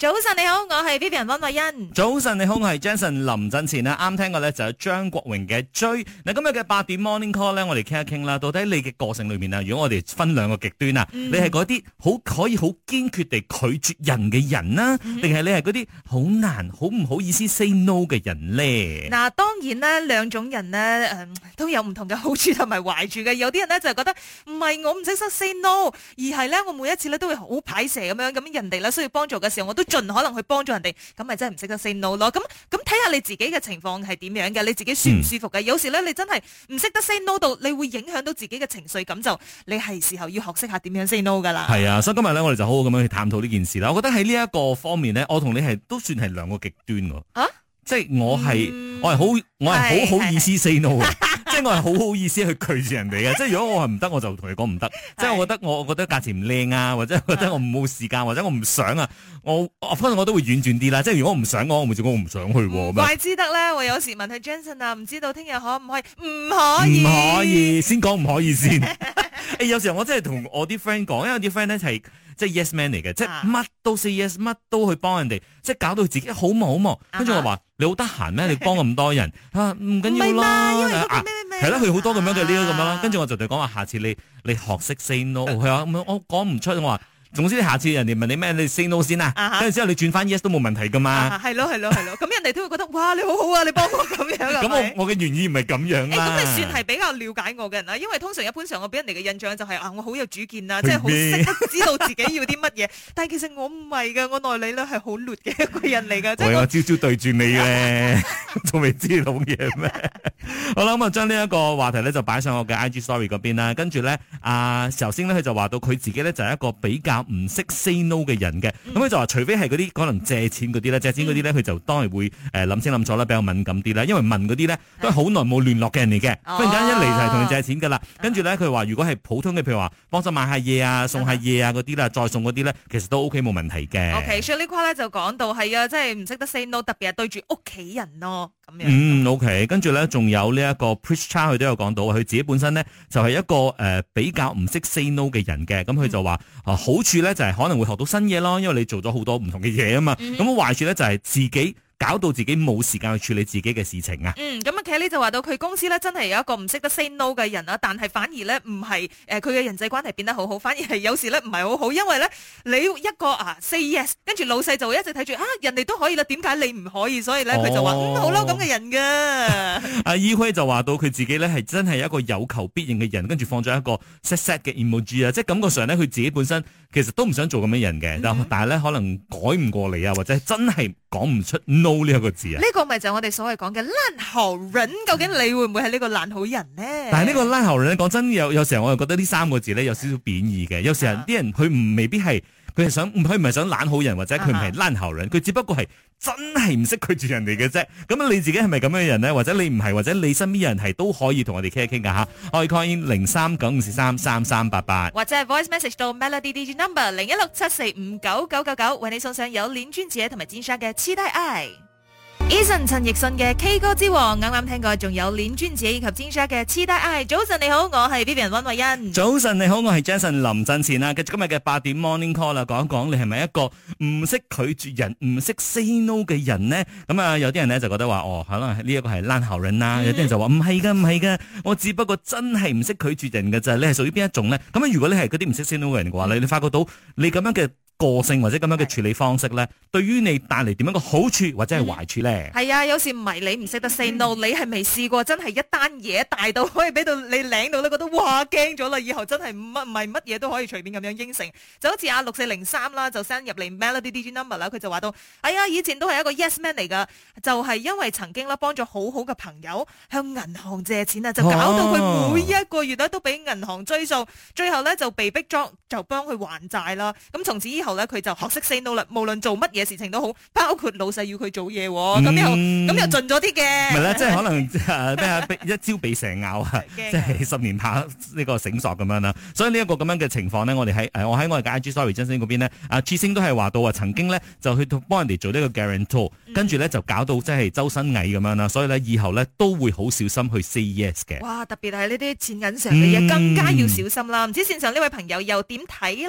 早晨你好，我係 Vivian 溫慧欣。早晨你好，我係 Jason 林振前咧。啱聽過咧就係張國榮嘅追。嗱，今日嘅八點 Morning Call 咧，我哋傾一傾啦。到底你嘅個性裏面啊，如果我哋分兩個極端啊，你係嗰啲好可以好堅決地拒絕人嘅人啦，定係你係嗰啲好難好唔好意思 say no 嘅人咧？嗱，當然咧，兩種人咧，誒，都有唔同嘅好處同埋壞處嘅。有啲人咧就係覺得唔係我唔識得 say no，而係咧我每一次咧都會好排蛇咁樣，咁人哋咧需要幫助嘅時候我都盡可能去幫助人哋，咁咪真係唔識得 say no 咯。咁咁睇下你自己嘅情況係點樣嘅，你自己舒唔舒服嘅？有時咧，你真係唔識得 say no 度，你會影響到自己嘅情緒，咁就你係時候要學識下點樣 say no 噶啦。係啊，所以今日咧，我哋就好好咁樣去探討呢件事啦。我覺得喺呢一個方面咧，我同你係都算係兩個極端噶。啊，即係我係我係好我係好好意思 say no。我係好好意思去拒絕人哋嘅，即係如果我係唔得，我就同你講唔得。即係我覺得，我覺得價錢唔靚啊，或者覺得我冇時間，或者我唔想啊，我，反正我都會婉轉啲啦。即係如果我唔想嘅，我咪就我唔想去。怪之得咧，我有時問佢 Jenson 啊，唔知道聽日可唔可以？唔可以，唔可以先講唔可以先。 有時候我真係同我啲 friend 講，因為啲 friend 咧，係即係 yes man 嚟嘅，啊，即係乜都 say yes，乜都去幫人哋，即係搞到自己好忙好忙。跟住，uh-huh，我話。你好得閒咩？ 你幫咁多人，佢話唔緊要啦。係啦，佢好多咁樣嘅呢啲咁樣啦。跟住、啊啊啊就是、我就對佢講話，下次你你學識 say no 係 啊，咁樣我講唔出我話。總之，下次人哋問你咩，你 say no 先啦。跟住、uh-huh. 之後你轉翻 yes 都冇問題噶嘛。係咯係咯係咯，咁人哋都會覺得 哇你好好啊，你幫我咁樣。咁 我嘅原意唔係咁樣啦。誒、欸，咁你算係比較了解我嘅人啦，啊，因為通常一般上我俾人哋嘅印象就係、是、啊，我好有主見啦，啊，即係好識知道自己要啲乜嘢。 但係其實我唔係噶，我內裏咧係好劣嘅一個人嚟噶。係 我，我朝朝對住你咧，仲 未知道嘢咩？ 好啦，咁啊將呢一個話題咧就擺上我嘅 IG Story 嗰邊啦。跟住咧，啊首先咧佢就話到佢自己咧就係一個比較唔識 say no 嘅人嘅，咁、嗯、佢、嗯、就話除非係嗰啲可能借錢嗰啲咧，借錢嗰啲咧，佢就當然會誒諗清諗楚啦，比較敏感啲啦，因為問嗰啲咧都係好耐冇聯絡嘅人嚟嘅，忽、啊、然間一嚟就係同佢借錢噶啦、啊，跟住咧佢話如果係普通嘅，譬如話幫手買下嘢啊、送下嘢啊嗰啲啦、再送嗰啲咧，其實都 O K 冇問題嘅。O K，所以呢句話就講到係啊，即係唔識得 say no，特別係對住屋企人咯、哦。咁樣嗯，O、okay, K，跟住咧仲有呢一個 Preston，佢都有講到，佢自己本身咧就係、是、一個誒、呃、比較唔識 say no 嘅人嘅，咁、嗯、佢、嗯、就話啊好。住咧就係可能會學到新嘢咯，因為你做咗好多唔同嘅嘢啊嘛。咁 Mm-hmm. 壞處咧就係自己搞到自己冇時間去處理自己嘅事情啊。嗯，咁啊。睇就話到佢公司咧真係有一個唔識得 say no 嘅人，但係反而咧唔係誒佢嘅人際關係變得好好，反而係有時咧唔係好好，因為咧你一個啊 say yes，跟住老細就會一直睇住啊，人哋都可以啦，點解你唔可以？所以咧佢就話、哦嗯、好啦咁嘅人噶。阿、啊、伊輝就話到佢自己咧係真係一個有求必應嘅人，跟住放咗一個 set set 嘅 emoji 啊，即係感覺上咧佢自己本身其實都唔想做咁樣人嘅、嗯，但係咧可能改唔過嚟啊，或者真係講唔出 no 呢一個字啊。呢、這個咪就係我哋所謂講嘅究竟你會唔會係呢個爛好人呢？但係呢個爛好人咧，講真有有時，有，有時候，我又覺得呢三個字咧有少少貶義嘅。有時候啲人佢唔未必係佢係想，佢唔係想懶好人，或者佢唔係爛好人，佢、啊、只不過係真係唔識拒絕人哋嘅啫。咁、嗯、你自己係咪咁樣嘅人呢？或者你唔係，或者你身邊人係都可以同我哋傾一傾噶吓。call in 零三九五四三三三八八，或者係 Voice Message 到 Melody DJ Number 零一六七四五九九九九，為你送上有臉專者和」同埋尖沙嘅痴呆。Eason 陳奕迅嘅《K 歌之王》啱啱聽過，仲有《戀尊者》以及《Jen Shah》嘅《痴呆》。早晨你好，我係 Vivian 溫慧恩。早晨你好，我係 Jason 林振善啦。今日嘅八點 Morning Call 啦，講一講你係咪一個唔識拒絕人、唔識 Say No 嘅人呢？咁啊，有啲人咧就覺得話，哦，可能呢一個係爛好人啦。Mm-hmm. 有啲人就話唔係噶，唔係噶，我只不過真係唔識拒絕人嘅咋。你係屬於邊一種呢？咁樣如果你係嗰啲唔識 Say No 嘅人嘅話咧，你發覺到你咁樣嘅。個性或者咁樣嘅處理方式咧，對於你帶嚟點樣嘅好處或者係壞處咧？係、嗯、啊，有時唔係你唔識得 say no，你係未試過真係一單嘢大到可以俾到你領到你覺得哇驚咗啦！以後真係乜唔係乜嘢都可以隨便咁樣應承，就好似阿六四零三啦，就 send 入嚟 melody digit number 啦，佢就話到，哎呀，以前都係一個 yes man 嚟噶，就係、是、因為曾經啦幫咗好好嘅朋友向銀行借錢啊，就搞到佢每一個月咧都俾銀行追數、哦，最後咧就被逼幫就幫佢還債啦。咁從此以後。咧佢就學識 say no 啦，無論做乜嘢事情都好，包括老細要佢做嘢咁又咁又盡咗啲嘅。唔係咧，即係、就是、可能咩一朝被蛇咬啊，即 係、就是、十年怕呢個繩索咁樣啦。所以呢一個咁樣嘅情況呢，我哋喺我喺我哋嘅 IG sorry 真星嗰邊呢，阿朱星都係話到啊，到曾經呢，就去到幫人哋做呢個 guarantee，跟、嗯、住呢就搞到即係周身蟻咁樣啦。所以呢，以後呢都會好小心去 say yes 嘅。哇，特別係呢啲錢銀上嘅嘢更加要小心啦。唔知線上呢位朋友又點睇咧？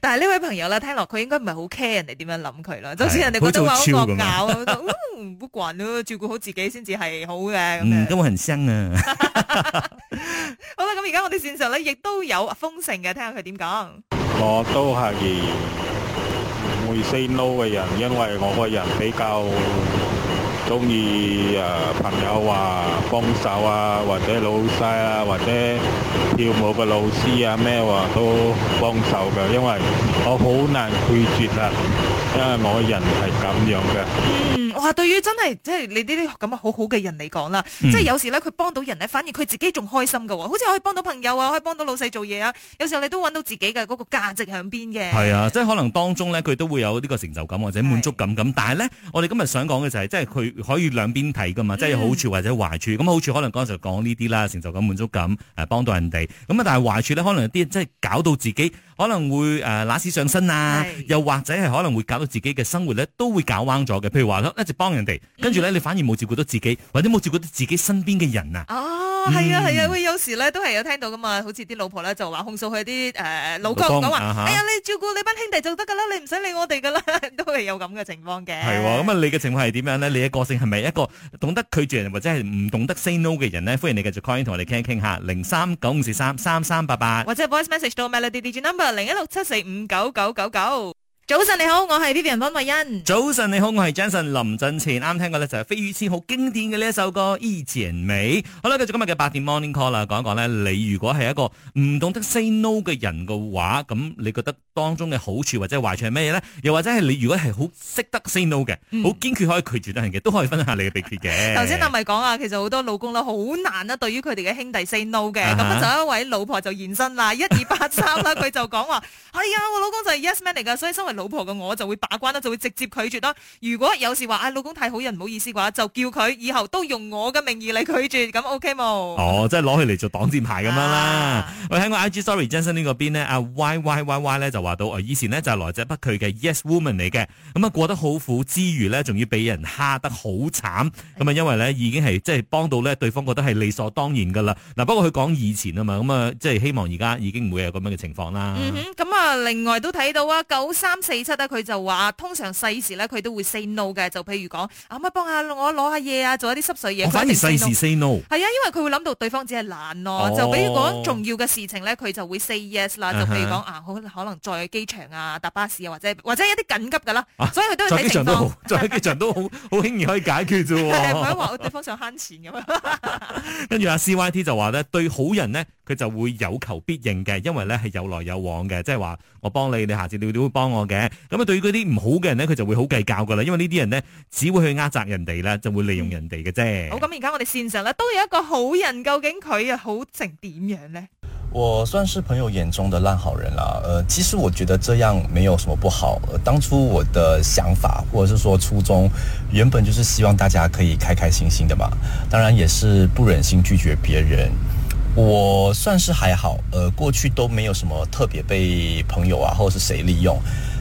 但係呢位朋友咧，聽落佢應該唔係好 care 人哋點樣諗佢啦，就算人哋覺得話好惡搞，都唔好慣咯，照顧好自己先至係好嘅咁樣。都、嗯啊、 好新鮮啊！好啦，咁而家我哋線上咧亦都有豐盛嘅，聽下佢點講。我都係會 say no 嘅人，因為我個人比較。中意啊！朋友話幫手啊，或者老細啊，或者跳舞嘅老師啊，咩話都幫手㗎，因為我好難拒絕啊，因為我個人係咁樣嘅。哇！對於真係即係你呢啲咁好好嘅人嚟講啦，即係有時咧佢幫到人咧，反而佢自己仲開心㗎喎。好似我可以幫到朋友啊，可以幫到老細做嘢啊。有時候你都搵到自己嘅嗰個價值喺邊嘅。係啊，即係可能當中呢，佢都會有呢個成就感或者滿足感咁。但係呢，我哋今日想講嘅就係即係佢可以兩邊睇㗎嘛，即係有好處或者壞處。咁好處可能嗰陣時講呢啲啦，成就感、滿足感，幫到人哋。咁啊，但係壞處呢，可能有啲即係搞到自己。可能會誒攬、呃、屎上身啊，是又或者係可能會搞到自己嘅生活咧，都會搞彎咗嘅。譬如話，一直幫人哋，跟住咧、嗯、你反而冇照顧到自己，或者冇照顧到自己身邊嘅人啊。哦。係啊，係啊，會、啊嗯、有時咧都係有聽到噶嘛，好似啲老婆咧就話控訴佢啲誒老公講話，哎呀，你照顧你班兄弟就得噶啦，你唔使理我哋噶啦，都係有咁嘅情況嘅。係咁啊，你嘅情況係點樣咧？你嘅個性係咪一個懂得拒絕人或者係唔懂得 say no 嘅人咧？歡迎你繼續 call 同我哋傾一傾下，零三九五四三三三八八，或者 voice message 到 Melody Digi Number 零一六七四五九九九九。早晨你好，我係 Vivian 方慧欣。早晨你好，我係 Jansen 林振前。啱聽過呢，就係費玉清好經典嘅呢一首歌《一剪梅》。好啦，繼續今日嘅八點 Morning Call 啦，講一講呢，你如果係一個唔懂得 say no 嘅人嘅話，咁你覺得當中嘅好處或者係壞處係咩呢？又或者係你如果係好識得 say no 嘅，好、嗯、堅決可以拒絕得人嘅，都可以分享下你嘅秘訣嘅。頭 先我咪講啊，其實好多老公咧好難啊，對於佢哋嘅兄弟 say no 嘅。咁、uh -huh. 就一位老婆就現身啦，一二八三啦，佢就講話係啊，我老公就係 Yes Man 嚟噶，所以身為老婆嘅我就會把關啦，就會直接拒絕啦。如果有時話啊、哎，老公太好人唔好意思嘅話，就叫佢以後都用我嘅名義嚟拒絕，咁 OK 冇？哦，即係攞佢嚟做擋箭牌咁樣啦。喂、啊，喺我 IG story Justin 呢個邊咧，啊 Y Y Y Y 咧就話到以前呢，就係來者不拒嘅 Yes Woman 嚟嘅，咁啊過得好苦之餘呢，仲要俾人蝦得好慘。咁啊，因為呢已經係即係幫到呢對方覺得係理所當然嘅啦。嗱，不過佢講以前啊嘛，咁啊即係希望而家已經唔會有咁樣嘅情況啦。嗯哼，咁、嗯、啊另外都睇到啊九三。四七咧，佢就話通常細時咧，佢都會 say no 嘅。就譬如講，可以幫下我攞下嘢啊，做一啲濕碎嘢。我反而細時 say no，係啊，因為佢會諗到對方只係懶咯。就比如講重要嘅事情咧，佢就會 say yes 啦。就譬如講啊，可能在機場啊，搭巴士啊，或者或者一啲緊急噶啦。所以佢都睇對、啊、在機場都好，在機場都好好輕 易可以解決啫。係咪 話對方想慳錢咁啊？跟 住阿 C Y T 就話咧，對好人咧，佢就會有求必應嘅，因為咧係有來有往嘅，即係話我幫你，你下次你你會幫我嘅。咁、嗯、啊，對於嗰啲唔好嘅人呢，佢就會好計較噶啦，因為呢啲人呢，只會去壓榨人哋啦，就會利用人哋嘅啫。好，咁而家我哋綫上呢，都有一個好人，究竟佢好成點樣呢？我算是朋友眼中的爛好人啦、呃。其實我覺得這樣沒有什麼不好。呃、當初我的想法，或者是說初衷，原本就是希望大家可以開開心心的嘛。當然，也是不忍心拒絕別人。我算是還好，誒、呃，過去都沒有什麼特別被朋友啊，或者是誰利用。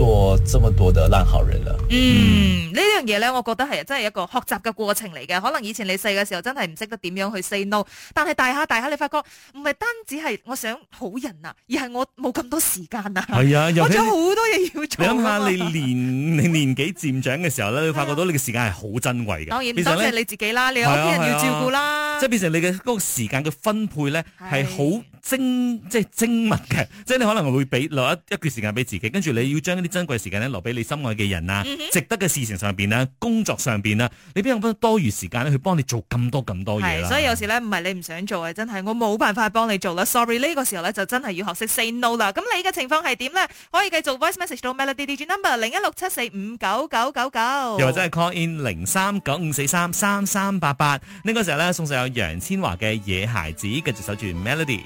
做這麼多的爛好人了，嗯，嗯這樣東西呢樣嘢咧，我覺得係真係一個學習嘅過程嚟嘅。可能以前你細嘅時候真係唔識得點樣去 say no，但係大下大下你發覺唔係單止係我想好人啊，而係我冇咁多時間啊。係、哎、啊，有好多嘢要做。你諗下你年你年紀漸長嘅時候咧、哎，你發覺到你嘅時間係好珍貴嘅。當然，係你自己啦，你有啲人要照顧啦，即係變成你嘅嗰個時間嘅分配咧係好，精，即係精密嘅，即係你可能會俾留一一段時間俾自己，跟住你要將啲珍貴時間咧留俾你心愛嘅人啊，值得嘅事情上邊啦，工作上邊啦，你邊有咁多餘時間咧去幫你做咁多咁多嘢啦？所以有時咧唔係你唔想做啊，真係我冇辦法幫你做啦。Sorry，呢個時候咧就真係要學識 say no 啦。咁你嘅情況係點咧？可以繼續 voice message 到 Melody DJ number 零一六七四五九九九九，又或者係 call in 零三九五四三三三八八。呢個時候咧送上有楊千嬅嘅《野孩子》，繼續守住 Melody。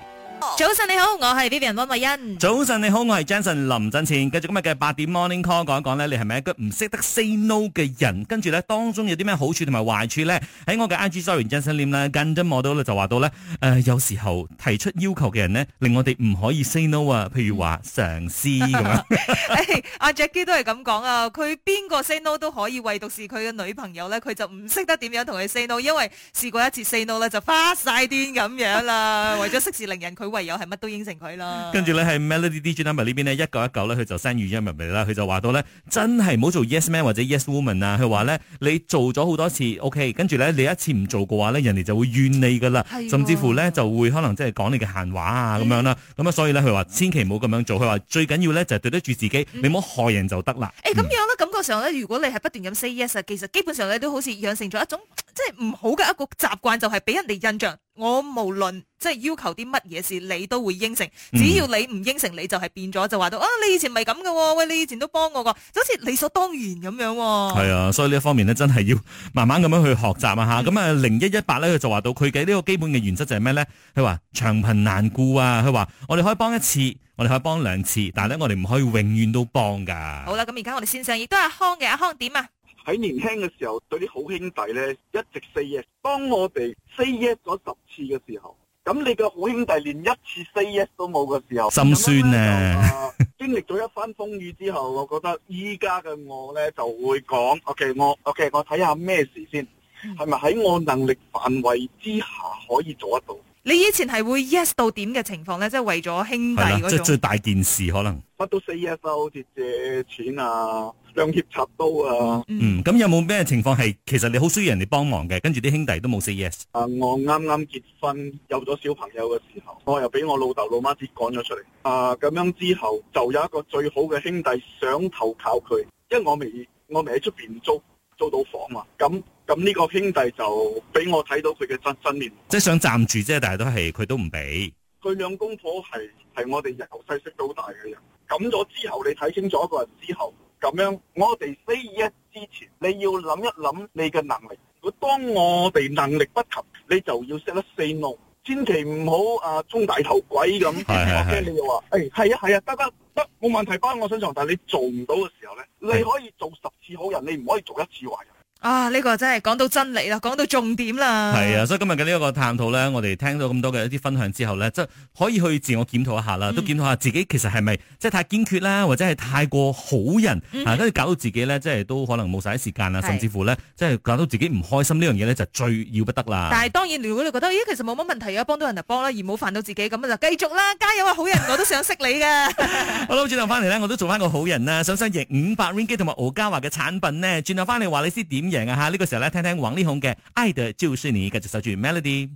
早晨你好，我係 Vivian 溫慧欣。早晨你好，我係 Jensen 林振前。繼續今日嘅八點 Morning Call，講一講呢，你係咪一個唔識得 say no 嘅人？跟住呢，當中有啲咩好處同埋壞處呢？喺我嘅 IG story，Jensen 念啦，近樽我都就話到呢，誒、呃，有時候提出要求嘅人呢，令我哋唔可以 say no 啊。譬如話上司咁樣說，阿 Jackie 都係咁講啊，佢邊個 say no 都可以，唯獨是佢嘅女朋友呢？佢就唔識得點樣同佢 say no，因為試過一次 say no 呢，就花晒癲咁樣啦， 為咗息事寧人佢，唯有係乜都應承佢咯，跟住咧係 Melody D J Number 呢邊咧一九一九咧，佢就 send 語音入嚟啦，佢就話到咧真係唔好做 Yes Man 或者 Yes Woman 啊，佢話咧你做咗好多次 OK，跟住咧你一次唔做嘅話咧，人哋就會怨你噶啦，哦，甚至乎咧就會可能即係講你嘅閒話啊咁樣啦，啊，咁、嗯、啊所以咧佢話千祈唔好咁樣做，佢話最緊要咧就係，對得住自己，嗯、你唔好害人就得啦。誒、欸，咁樣咧，嗯，感覺上咧，如果你係不斷咁 say yes，其實基本上咧都好似養成咗一種即係唔好嘅一個習慣，就係俾人哋印象。我無論即係要求啲乜嘢事，你都會應承。只要你唔應承，你就係變咗就話到、嗯、啊！你以前咪咁㗎喎，喂你以前都幫我㗎，就好似理所當然咁樣。係啊，所以呢一方面呢，真係要慢慢咁樣去學習啊吓。咁啊，零一一八咧佢就話到佢嘅呢個基本嘅原則就係咩呢？佢話長貧難顧啊。佢話我哋可以幫一次，我哋可以幫兩次，但係咧我哋唔可以永遠都幫噶。好啦、啊，咁而家我哋先生亦都係康嘅，阿康點啊？喺年輕嘅時候，對啲好兄弟呢，一直 say yes，當我哋 say yes 咗十次嘅時候，咁你嘅好兄弟連一次 say yes 都冇嘅時候，心酸咧、啊 啊。經歷咗一番風雨之後，我覺得依家嘅我呢，就會講，OK，我 OK，我睇下咩事先，係咪喺我能力範圍之下可以做得到？你以前係會 yes 到點嘅情況咧，即、就、係、是、為咗兄弟嗰種即係、就是、最大件事可能。乜都 say yes、啊、好似借錢啊，兩脅插刀啊。嗯。咁、嗯嗯、有冇咩情況係，其實你好需要人哋幫忙嘅，跟住啲兄弟都冇 say yes？啊，我啱啱結婚有咗小朋友嘅時候，我又俾我老豆老媽子趕咗出嚟。啊，咁樣之後就有一個最好嘅兄弟想投靠佢，因為我未我未喺出邊租租到房啊。咁、嗯。咁呢個兄弟就俾我睇到佢嘅真真面目，即係想站住，啫。但係都係佢都唔俾。佢兩公婆係係我哋由細識到大嘅人，咁咗之後，你睇清楚一個人之後，咁樣我哋非一之前，你要諗一諗你嘅能力。如果當我哋能力不及，你就要識得 say no，千祈唔好啊，充大頭鬼咁。係、okay，你又話誒係啊係啊得得得冇問題返我身上，但係你做唔到嘅時候咧，你可以做十次好人，你唔可以做一次壞人。啊！呢、這個真係講到真理啦，講到重點啦。係啊，所以今日嘅呢一個探討咧，我哋聽到咁多嘅一啲分享之後咧，即係可以去自我檢討一下啦、嗯。都檢討下自己，其實係咪即係太堅決啦，或者係太過好人，跟、嗯、住、啊、搞到自己咧，即係都可能冇晒啲時間啊、嗯，甚至乎咧，即係搞到自己唔開心呢樣嘢咧，就最要不得啦。但係當然，如果你覺得咦，其實冇乜問題啊，幫到人就幫啦，而冇煩到自己咁就繼續啦，加油啊，好人，我都想識你㗎 Hello，轉 頭翻嚟咧，我都做翻個好人啦，想想贏五百 Win 機同埋奧佳華嘅產品呢，轉頭翻嚟話你知點。點嘅哈，呢個時候咧，聽聽王力宏嘅《愛的就是你》，跟住收住 melody。